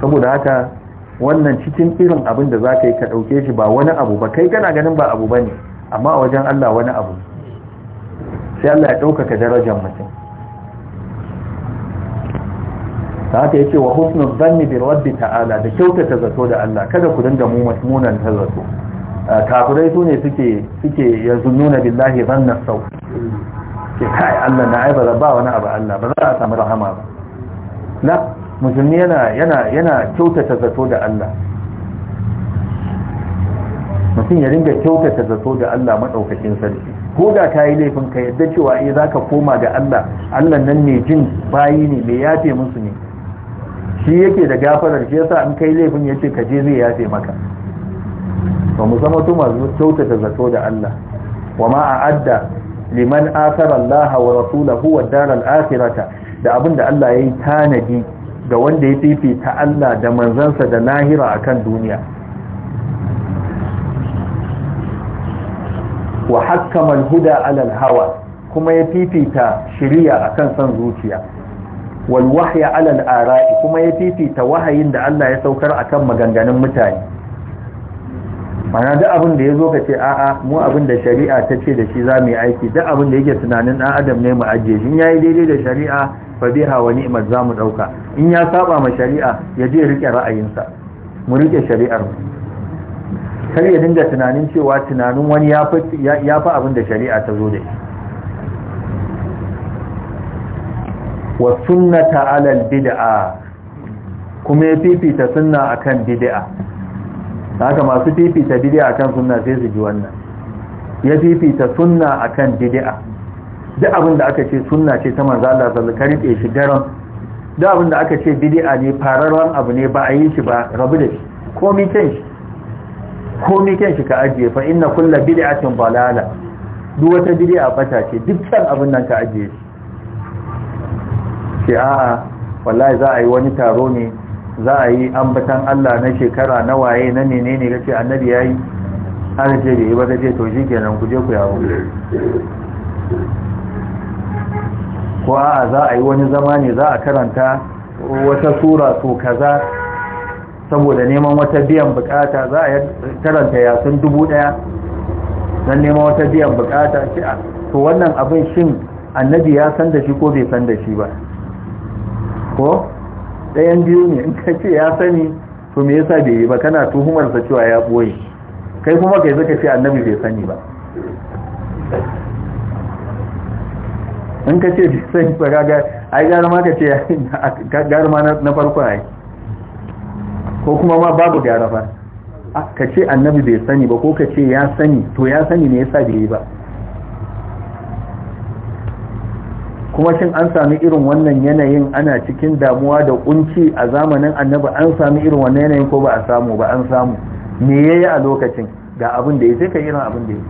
saboda haka wannan cikin irin abin da za ka yi ka ɗauke shi ba wani abu ba kai gana ganin ba abu ba ne amma a wajen Allah wani abu sai Allah ya ɗaukaka darajar mutum ta haka ya ce wa husnul zanni bi rabbi ta'ala da kyautata zato da Allah kada ku dinga mu munan ta zato kafirai su ne suke suke yanzu nuna billahi zanna sau ke kai Allah na ai ba wani abu Allah ba za a samu rahama ba na musulmi yana kyautata zato da Allah mutum ya ringa kyautata zato da Allah maɗaukakin sarki ko da ka yi laifin ka yadda cewa za ka koma ga Allah Allah nan ne jin bayi ne mai yafe musu ne shi yake da gafarar shi yasa in kai laifin ya ce ka je zai yafe maka ba mu zama to masu kyautata zato da Allah wa ma a'adda liman athara Allah wa rasulahu wa daral akhirata da abinda Allah yayi tanadi ga wanda ya fifita Allah da manzansa da lahira akan duniya wa hakkama al-huda ala al-hawa kuma ya fifita shiriya akan san zuciya wal wahya ala al-ara'i kuma ya fifita wahayin da Allah ya saukar akan maganganun mutane mana duk abin da ya zo ka ce a'a mu abin da shari'a ta ce da shi za mu yi aiki duk abin da yake tunanin ɗan adam ne mu ajiye shi ya yi daidai da shari'a fa biha hawa ni'mat za mu ɗauka in ya saba ma shari'a ya je rike ra'ayinsa mu rike shari'ar mu kar ya dinga tunanin cewa tunanin wani ya fi abin da shari'a ta zo da shi wa sunnata alal bid'a kuma ya fifita sunna akan bid'a haka masu fifita bid'a akan sunna sai su ji wannan ya fifita sunna akan bid'a duk abin da aka ce sunna ce ta manzo Allah sallallahu alaihi wasallam shi daren duk abin da aka ce bid'a ne fararran abu ne ba a yi shi ba rabu da shi komi kan shi komi shi ka ajiye fa inna kullu bid'atin balala duk wata bid'a fata ce dukkan abin nan ka ajiye shi sai a'a wallahi za a yi wani taro ne za a yi ambatan Allah na shekara na waye na ne kace annabi yayi har ce bai ba kace to kenan ku je ku yawo ko a za a yi wani zama ne za a karanta wata sura to kaza saboda neman wata biyan bukata za a karanta yasin dubu daya don neman wata biyan bukata a to wannan abin shin annabi ya san da shi ko bai san da shi ba ko ɗayan biyu ne in ka ce ya sani to me yasa bai yi ba kana tuhumarsa cewa ya ɓoye kai kuma kai zaka ce annabi bai sani ba in ka ce bai sani ba gaga ai gara ma ka ce gara ma na farko ai ko kuma ma babu gara ba ah, ka ce annabi bai sani ba ko ka ce ya sani to ya sani ne yasa bai yi ba kuma shin an sami irin wannan yanayin ana cikin damuwa da kunci a zamanin annabi an sami irin wannan yanayin ko ba a samu ba an samu me yayi a lokacin ga abin da ya sai ka irin abin da ya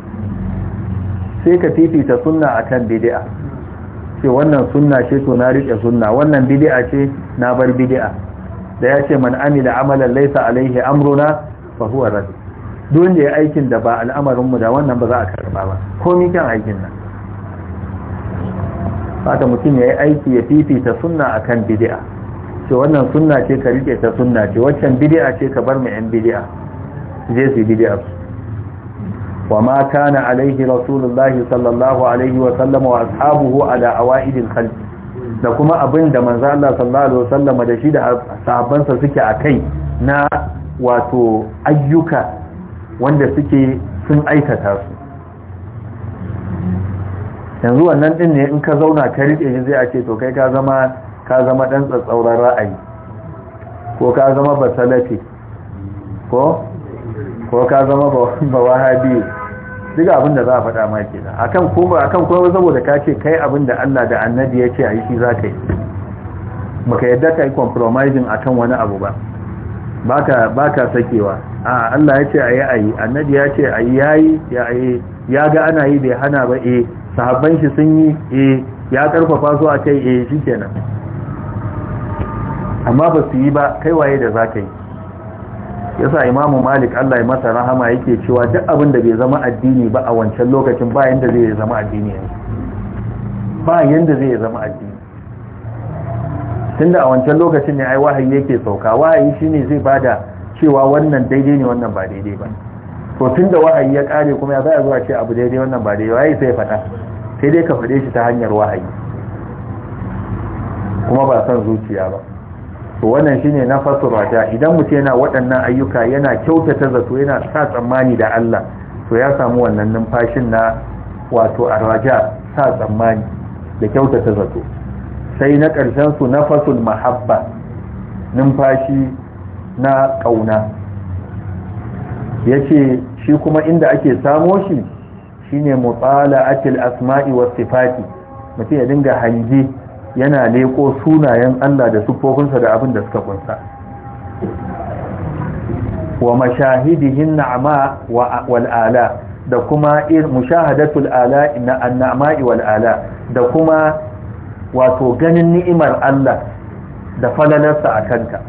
sai ka fifita sunna akan bid'a ce wannan sunna ce to na rike sunna wannan bid'a ce na bar bid'a da ya ce man amila amalan laysa alaihi amruna fa huwa rad duk wanda ya aikin da ba al'amarin mu da wannan ba za a karba ba komai kan aikin nan haka mutum ya yi aiki ya fifita sunna akan bid'a ce wannan sunna ce ka rike ta sunna ce waccan bid'a ce ka bar mu yan bid'a je su wa mata na alaihi rasulullahi sallallahu alaihi wa wa ashabuhu ala awaidil khalq da kuma abin da Allah sallallahu alaihi da shi da sahabbansa suke kai na wato ayyuka wanda suke sun aikata su yanzu wannan din ne in ka zauna ka rike shi zai ake to kai ka zama ka zama dan tsatsauran ra'ayi ko ka zama salafi ko ko ka zama ba wahabi duk abin da za a faɗa ma da. akan ko akan ko saboda ka ce kai abin da Allah da Annabi ya ce a yi shi za ka yi baka yadda ka yi compromising akan wani abu ba baka baka sakewa a Allah ya ce a yi a yi Annabi ya ce a yi yayi ya yi ya ga ana yi bai hana ba eh sahabban shi sun yi eh ya karfafa su a kai eh kenan. amma ba su yi ba kai waye da za ka yi yasa imamu malik Allah ya masa rahama yake cewa duk abin da bai zama addini ba a wancan lokacin ba yanda zai zama addini ne ba yanda zai zama addini tunda a wancan lokacin ne ai wahayi yake sauka wahayi shine zai bada cewa wannan daidai ne wannan ba daidai ba to tun da wahayi ya kare kuma ya za a zuwa ce abu daidai wannan ba daidai yi sai faɗa sai dai ka faɗe shi ta hanyar wahayi kuma ba son zuciya ba to wannan shine na fasurata idan mutum yana waɗannan ayyuka yana kyautata zato yana sa tsammani da Allah to ya samu wannan numfashin na wato arraja sa tsammani da kyautata zato sai na ƙarshen su na fasul mahabba numfashi na ƙauna ya ce shi kuma inda ake samo shi shine mutala'atil asma'i was sifati mutum ya dinga hange yana leko sunayen Allah da sufofinsa da abin da suka kunsa wa mashahidihin na'ama wal ala da kuma ir mushahadatul ala inna an-na'ma'i wal da kuma wato ganin ni'imar Allah da falalarsa a kanka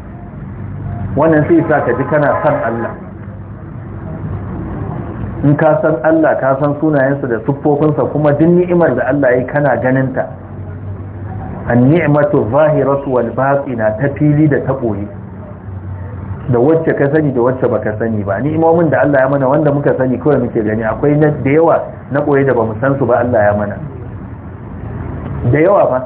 wannan sai sa ka ji kana san Allah in ka san Allah ka san sunayensa da siffofinsa kuma duk ni'imar da Allah ya kana ganin ta an-ni'matu zahiratu wal batina ta fili da ta boye da wacce ka sani da wacce baka sani ba ni'imomin da Allah ya mana wanda muka sani kawai muke gani akwai na da yawa na boye da bamu san su ba Allah ya mana da yawa fa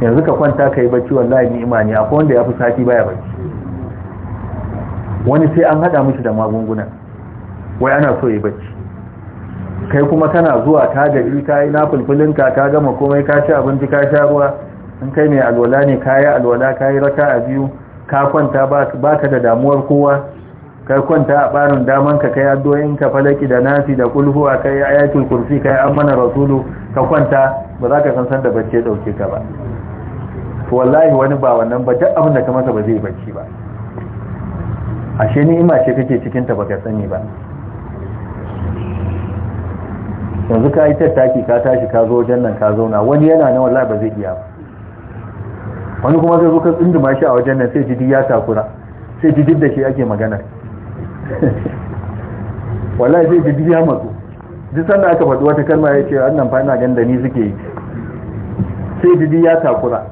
yanzu ka kwanta kai bacci wallahi ni'ima ne akwai wanda ya fi sati baya bacci wani sai an hada mishi da magunguna wai ana so ya bacci kai kuma kana zuwa ta gari ta yi na fulfulinka ta gama komai ka ci abinci ka sha ruwa in kai mai alwala ne ka yi alwala ka yi raka a biyu ka kwanta ba ka da damuwar kowa ka kwanta a barin daman ka kai addoyin ka falaki da nasi da kulhu a kai ayatul kursi kai amana rasulu ka kwanta ba za ka san san da bacci dauke ka ba to wallahi wani ba wannan ba duk abin da ka masa ba zai bacci ba ashe ni ima ce kake cikin ta baka sani ba yanzu ka yi tattaki ka tashi ka zo wajen nan ka zauna wani yana na wallahi ba zai iya ba wani kuma zai zo ka tsinduma shi a wajen nan sai jidi ya takura sai jidi da shi ake magana wallahi zai jidi ya matsu duk sanda aka faɗi wata kalma ya ce annan fa ina ganin da ni suke yi sai jidi ya takura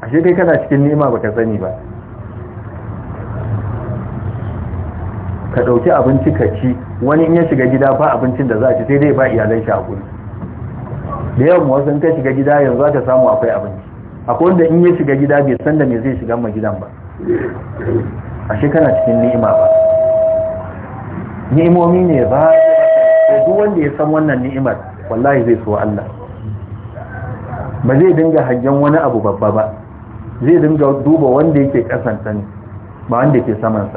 ashe kai kana cikin nema baka sani ba ka ɗauki abinci ka ci wani in ya shiga gida ba abincin da za ci sai dai ba iyalan shi a guri da yawan wasu in ka shiga gida yanzu za ka samu akwai abinci akwai wanda in ya shiga gida bai san da me zai shiga ma gidan ba ashe kana cikin ni'ima ba ni'imomi ne ba duk wanda ya san wannan ni'imar wallahi zai so Allah ba zai dinga hangen wani abu babba ba zai dinga duba wanda yake kasan ne ba wanda ke sa ba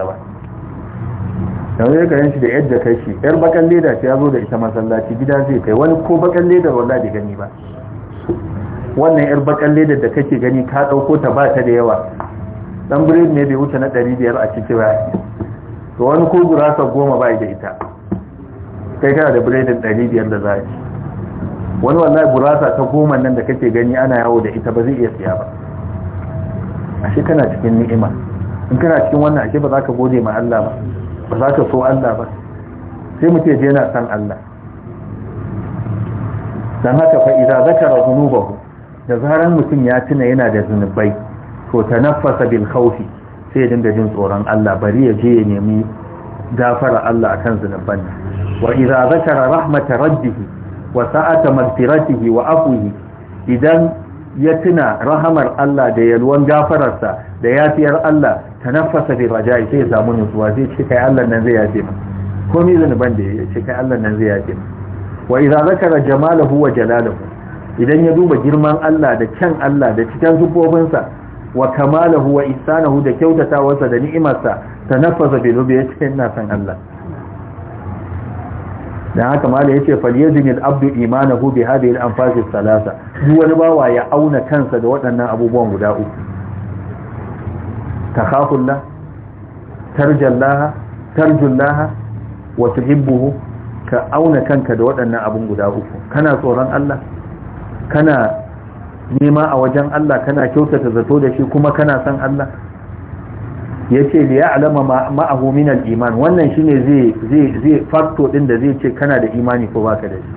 yanzu ya kayan shi da yadda kai shi yar bakan leda ya zo da ita masallaci gida zai kai wani ko bakan leda walla da gani ba wannan yar bakan leda da kake gani ka dauko ta ba ta da yawa dan bread ne bai wuce na 500 a ciki ba to wani ko gurasa goma ba da ita kai kana da biredin 500 da zaki. wani wallahi gurasa ta goma nan da kake gani ana yawo da ita ba zai iya siya ba ashe kana cikin ni'ima in kana cikin wannan ashe ba za ka gode ma Allah ba ba za ka so Allah ba sai mu ce je na san Allah dan haka fa idza zakara da zaran mutum ya tuna yana da zunubai to tanaffasa bil khawfi sai da jin tsoron Allah bari ya je ya nemi gafara Allah akan zunuban wa idza zakara rahmata rabbih wa sa'ata maghfiratihi wa afwihi idan ya tuna rahamar Allah da yalwan gafararsa da yafiyar Allah tanaffasa bi raja'i sai ya samu nutsuwa zai ce kai Allah nan zai yafe mu ni zanuban da ya ce kai Allah nan zai yafe mu wa idza zakara jamalahu wa jalalahu idan ya duba girman Allah da kyan Allah da cikin zubobinsa wa kamalahu wa ihsanahu da kyautatawarsa da ni'imarsa tanaffasa bi rubi ya ce ina san Allah dan haka mala yace falyajin abdu imanahu bi hadhihi al-anfas ath-thalatha duk wani bawa ya auna kansa da waɗannan abubuwan guda uku takhafullah tarjallaha tarjullaha wa tuhibbuhu ka auna kanka da waɗannan abun guda uku kana tsoron Allah kana nema a wajen Allah kana kyautata zato da shi kuma kana san Allah yace li ya'lama ma'ahu min al-iman wannan shine zai zai zai factor din da zai ce kana da imani ko baka da shi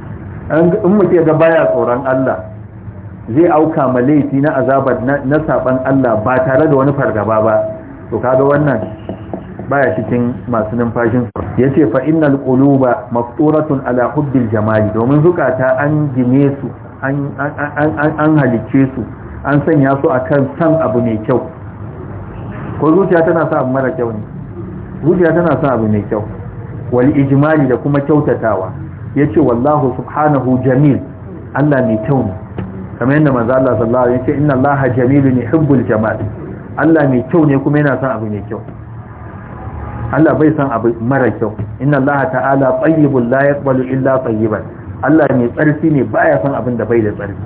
in mutum ga baya tsoron Allah zai auka ma laifi na azabar na saban Allah ba tare da wani fargaba ba to kaga wannan baya cikin masu numfashin yace fa innal quluba mafturatun ala hubbil jamali domin zukata an gine su an an an halice su an sanya su akan san abu mai kyau ko zuciya tana sa abu mara kyau ne zuciya tana sa abu mai kyau wal ijmali da kuma kyautatawa yace wallahu subhanahu jamil Allah mai kyau ne kamar yadda manzo Allah sallallahu alaihi wasallam inna Allah jamilun jamal Allah mai kyau ne kuma yana son abu mai kyau Allah bai son abu mara kyau inna Allah ta'ala tayyibul la yaqbalu illa tayyiban Allah mai tsarki ne baya son abin da bai da tsarki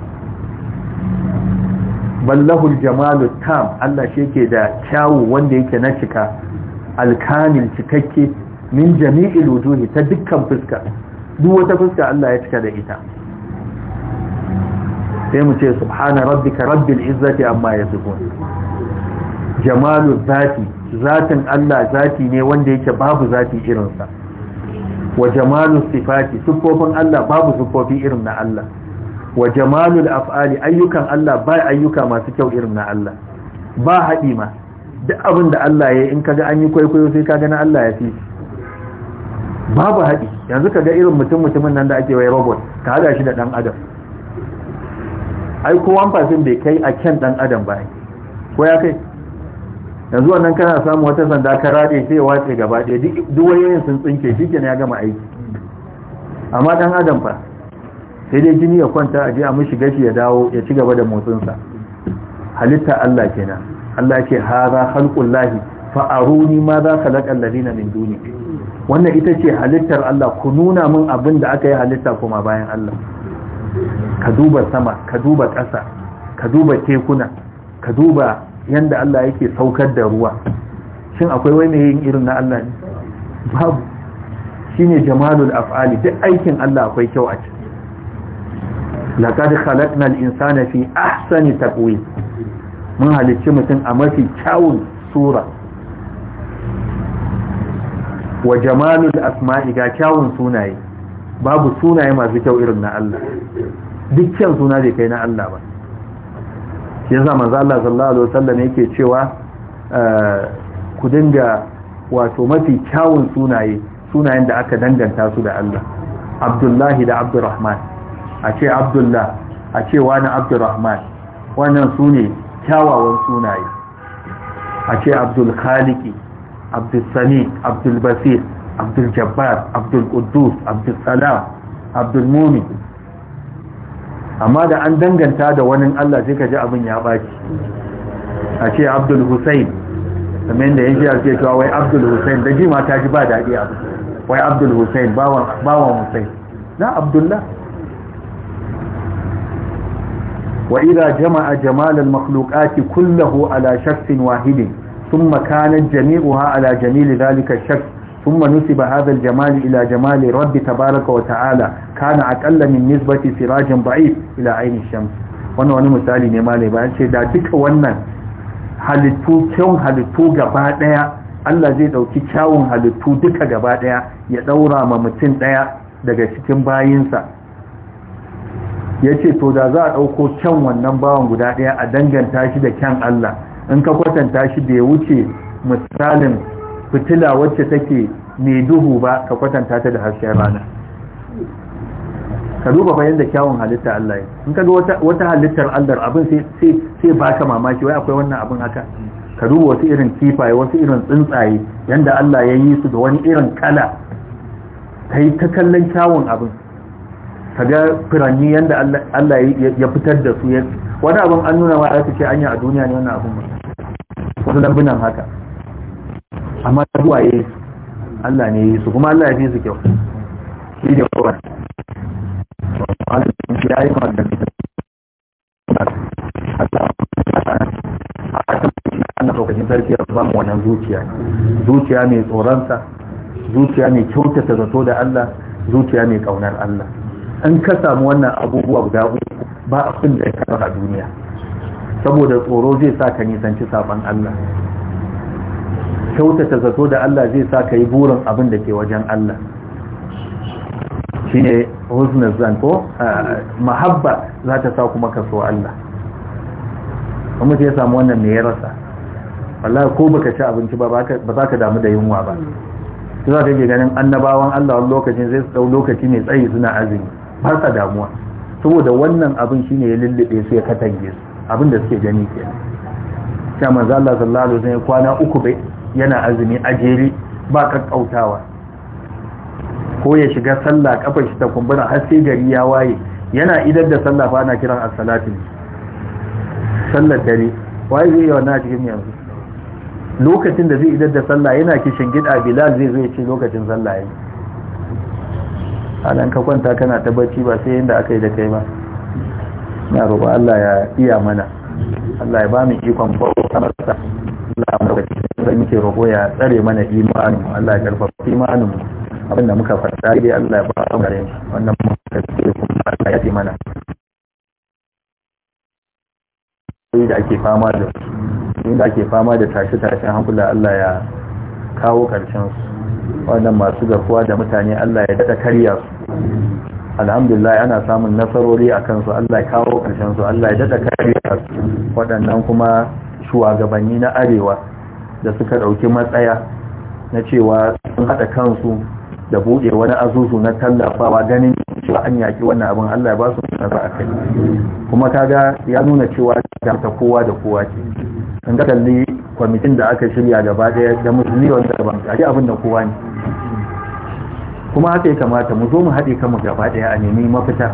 ballahul jamalu tam Allah shi yake da kyawu wanda yake na cika alkamil cikakke min jami'il wujuhi ta dukkan fuska duk wata fuska Allah ya cika da ita sai mu ce subhana rabbika rabbil izzati amma yasifun jamalu zati zatin Allah zati ne wanda yake babu zati irinsa wa jamalu sifati sifofin Allah babu sifofi irin na Allah wa jamalul af'ali ayyukan Allah ba ayyuka masu kyau irin na Allah ba haɗi ma duk abin da Allah ya in kaga an yi kwaikwayo sai kaga na Allah ya fi babu haɗi yanzu kaga irin mutum mutumin nan da ake wai robot ka haɗa shi da ɗan adam ai ko fasin bai kai a kyan dan adam ba ko ya kai yanzu wannan kana samu wata sanda ka rade sai wace gaba da duk wayoyin sun tsinke ne ya gama aiki amma dan adam fa sai dai jini ya kwanta a je a mishi gashi ya dawo ya ci gaba da motsinsa halitta Allah kenan Allah ce haza khalqullahi fa aruni ma za khalaqa alladhina min duni wannan ita ce halittar Allah ku nuna min abin da aka yi halitta kuma bayan Allah ka duba sama ka duba ƙasa ka duba tekuna ka duba yanda Allah yake saukar da ruwa shin akwai wani yin irin na Allah ne babu ne jamalul af'ali duk aikin Allah akwai kyau a ciki laqad khalaqnal insana fi ahsani taqwim mun halicci mutum a mafi kyawun sura wa jamalul asma'i ga kyawun sunaye babu sunaye masu kyau irin na Allah duk kyan suna bai kai na Allah ba shi yasa manzo Allah sallallahu alaihi wasallam yake cewa eh, ku dinga wato mafi kyawun sunaye sunayen da aka danganta su da Allah Abdullahi da Abdurrahman a ce Abdullah a ce wani Abdurrahman wannan su ne kyawawan sunaye a ce Abdul Khaliqi Abdul Sani Abdul Basir Abdul Jabbar Abdul Quddus Abdul Salam Abdul Mumin amma da an danganta da wani Allah sai ka ji abin ya baki a ce Abdul Hussein kamar da yanzu ya ce cewa wai Abdul Hussein da ma ta ji ba daɗi abu wai Abdul Hussein bawan bawan Hussein na Abdullah wa idza jama'a jamal al kullahu kulluhu ala shakhsin wahidin thumma kana jami'uha ala jamil dhalika shakhs ثم نسب هذا الجمال إلى جمال رب تبارك وتعالى كان أقل من نسبة سراج ضعيف إلى عين الشمس wannan wani misali ne malai bayan ce da duka wannan halittu kyau halittu gaba daya Allah zai dauki kyawun halittu duka gaba daya ya daura ma mutum daya daga cikin bayinsa yace to da za a dauko kyan wannan bawan guda daya a danganta shi da kyan Allah in ka kwatanta shi da ya wuce misalin fitila wacce take mai duhu ba ka kwatanta ta da harshen rana ka duba bayan da kyawun halitta Allah in ka ga wata halittar Allah abin sai baka mamaki wai akwai wannan abin haka ka duba wasu irin kifaye wasu irin tsuntsaye yanda Allah ya yi su da wani irin kala ka yi ta kallon kyawun abin ka ga firanni yanda Allah ya fitar da su wani abin an nuna ma aka ce anya a duniya ne wannan abin ba wasu lambunan haka amma ta ruwaye Allah ne yi su kuma Allah ya fi su kyau shi ne kowa ya yi ya wannan zuciya zuciya mai tsoronsa zuciya mai kyautata zato da Allah zuciya mai kaunar Allah an ka samu wannan abubuwa guda uku ba abin da ya karfa a duniya saboda tsoro zai sa ka nisanci sabon Allah kyautata zato da Allah zai sa ka yi burin abin da ke wajen Allah shi ne zan zanko ah, mahabba za ta sa kuma ka so Allah kuma ya samu wannan mai rasa Allah ko baka ci abinci ba za ka damu da yunwa ba su za ka ke ganin annabawan Allah wani lokacin zai su lokaci mai tsayi suna azumi ba sa damuwa saboda wannan abin shi ne ya lullube su ya katange su abin da suke gani ke Sha manzo zalla sallallahu alaihi wasallam kwana uku bai yana azumi a jere ba kakkautawa ko ya shiga sallah kafar shi ta kumbura har sai gari ya waye yana idar da sallah ba ana kiran as-salatu sallar dare waye zai yawa na cikin yanzu lokacin da zai idar da sallah yana kishin gida bilal zai zo ya ce lokacin sallah yayi alan ka kwanta kana ta ba sai yadda aka yi da kai ba na roƙo Allah ya iya mana Allah ya ba mu ikon ba Allah sa muke roƙo ya tsare mana imanin Allah ya karfafa imanin mu abinda muka faɗa dai Allah ya ba mu gare wannan mu ka ce kuma Allah ya ce mana da ake fama da inda ake fama da tashe-tashen hankula Allah ya kawo ƙarshen su wannan masu garkuwa da mutane Allah ya daɗa karya su alhamdulillah ana samun nasarori a kansu Allah ya kawo ƙarshen su Allah ya daɗa karya su waɗannan kuma shugabanni na arewa da suka ɗauki matsaya na cewa sun haɗa kansu da buɗe wani azuzu na tallafawa ganin cewa an yaƙi wannan abin Allah ya ba su nasara a kai kuma kaga ya nuna cewa ta kowa da kowa ce in ga kalli kwamitin da aka shirya gaba ɗaya da musulmi wanda ba a abin da kowa ne kuma haka ya kamata mu zo mu haɗe kanmu gaba ɗaya a nemi mafita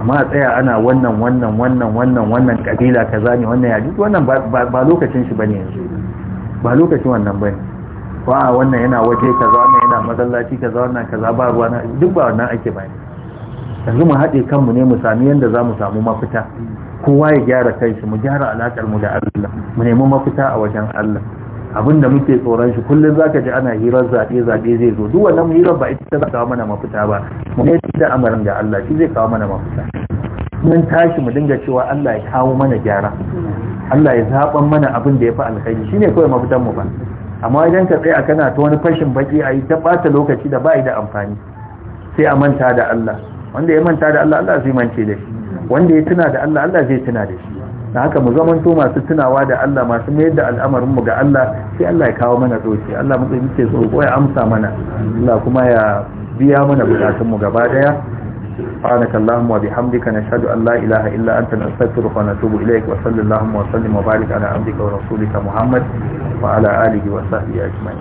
amma a tsaya ana wannan wannan wannan wannan wannan kabila kaza ne wannan yaji wannan ba lokacin shi bane yanzu ba lokacin wannan ba ne ba wannan yana waje za wannan yana masallaci za wannan za ba ruwa na duk ba wannan ake ba yanzu mu haɗe kanmu ne mu sami yadda za mu samu mafita kowa ya gyara kai kanshi mu gyara alaƙar mu da Allah mu nemi mafita a wajen Allah da muke tsoron shi kullum zaka ji ana hirar zaɓe zaɓe zai zo duk wannan hirar ba ita ta kawo mana mafita ba mu ne da amarin da Allah shi zai kawo mana mafita mun tashi mu dinga cewa Allah ya kawo mana gyara Allah ya zaɓan mana abin da ya fi alkhairi shine kawai mafitan mu ba amma idan ka a kana ta wani fashin baki a yi ta ɓata lokaci da ba da amfani sai a manta da Allah wanda ya manta da Allah Allah zai mance da shi wanda ya tuna da Allah Allah zai tuna da shi Na haka mu zamanto masu tunawa da Allah masu mayar da al'amarin mu ga Allah sai Allah ya kawo mana tsoci Allah mu tsaye ce ko ya amsa mana Allah kuma ya biya mana buƙatun mu gaba ɗaya. سبحانك اللهم وبحمدك نشهد أن لا إله إلا أنت نستغفرك ونتوب إليك وصلى اللهم وسلم وبارك على عبدك ورسولك محمد وعلى آله وصحبه أجمعين